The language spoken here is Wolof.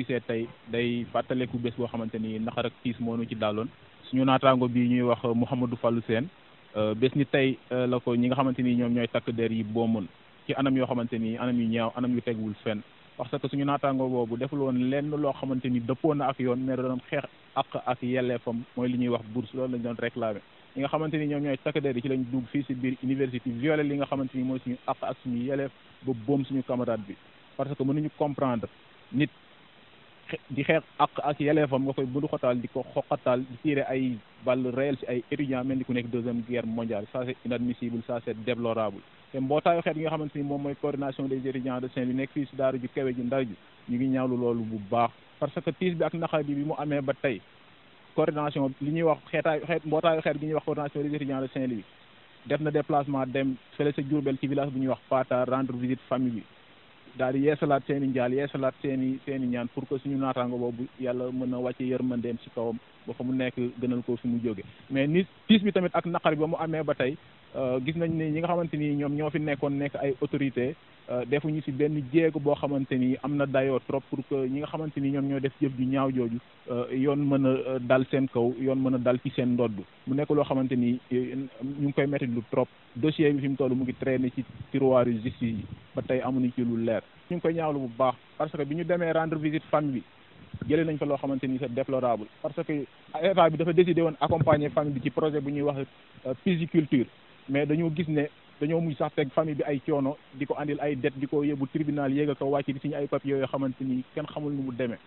gisee tey day fàttaleku bés boo xamante ni naqar ak tiis moonu ci daaloon suñu naataango bi ñuy wax Mouhamadou Fallou Sène euh, bés ni tey euh, la ñi nga xamante ni ñoom ñooy takk der yi boomoon ci anam yoo xamante ni anam yu ñaaw anam yu tegwul fenn parce que suñu naataango boobu deful woon lenn loo xamante ni dëppoo na ak yoon mais doon xeex ak ak yelleefam mooy li ñuy wax bourse loolu lañ doon réclamer ñi nga xamante ni ñoom ñooy takk der yi ci lañ dugg fii si biir université violé li nga xamante ni mooy suñu ak ak suñu yelleef ba boom suñu camarade di xeex ak ak yelleefam nga koy bundu xotaal di ko xoqataal di tirer ay balle réel ci ay étudiants mel ni ku nekk deuxième guerre mondiale ça c'est inadmissible ça c'est déplorable te mbootaayu xeet nga xamante ni moom mooy coordination des étudiants de Saint-Louis nekk fii si daara ju kawe ji ndar ji ñu ngi ñaawlu loolu bu baax parce que tiis bi ak naqar bi bi mu amee ba tey coordination li ñuy wax xeetaayu xeet mbootaayu xeet gi ñuy wax coordination des étudiants de Saint-Louis bu ñuy wax Patar rendre visite bi daal di yeesalaat seen i njaal yeesalaat seen i seen ñaan pour que suñu naataango boobu yàlla mën a wàcce yërmandeem si kawam ba fa mu nekk gënal ko fi mu jóge mais ni tiis bi tamit ak naqar bi ba mu amee ba tey euh, gis nañ ni ñi nga xamante ni ñoom ñoo fi nekkoon nekk ay autorité euh, defuñu si benn jéego boo xamante ni am na dayoo trop pour que ñi nga xamante ni ñoom ñoo def jëf ju ñaaw jooju euh, yoon mën a dal seen kaw yoon mën a dal ci seen ndodd mu nekk loo xamante ni ñu ngi koy métti lu trop dossier bi fi mu toll mu ngi traîner ci tiroiru justice yi ba tey amuñu ci lu leer ñu ngi koy ñaawlu bu baax parce que bi ñu demee rendre visite famille bi jëlee nañ fa loo xamante ni c'est déplorable parce que état bi dafa décidé woon accompagner famille bi ci projet bu ñuy wax euh, pisciculture mais dañoo gis ne dañoo mujj sax teg famille bi ay coono di ko andil ay dette di ko yóbbu tribunal yéeg a ko wàcc di signé ay papiers yoo xamante ni kenn xamul nu mu demee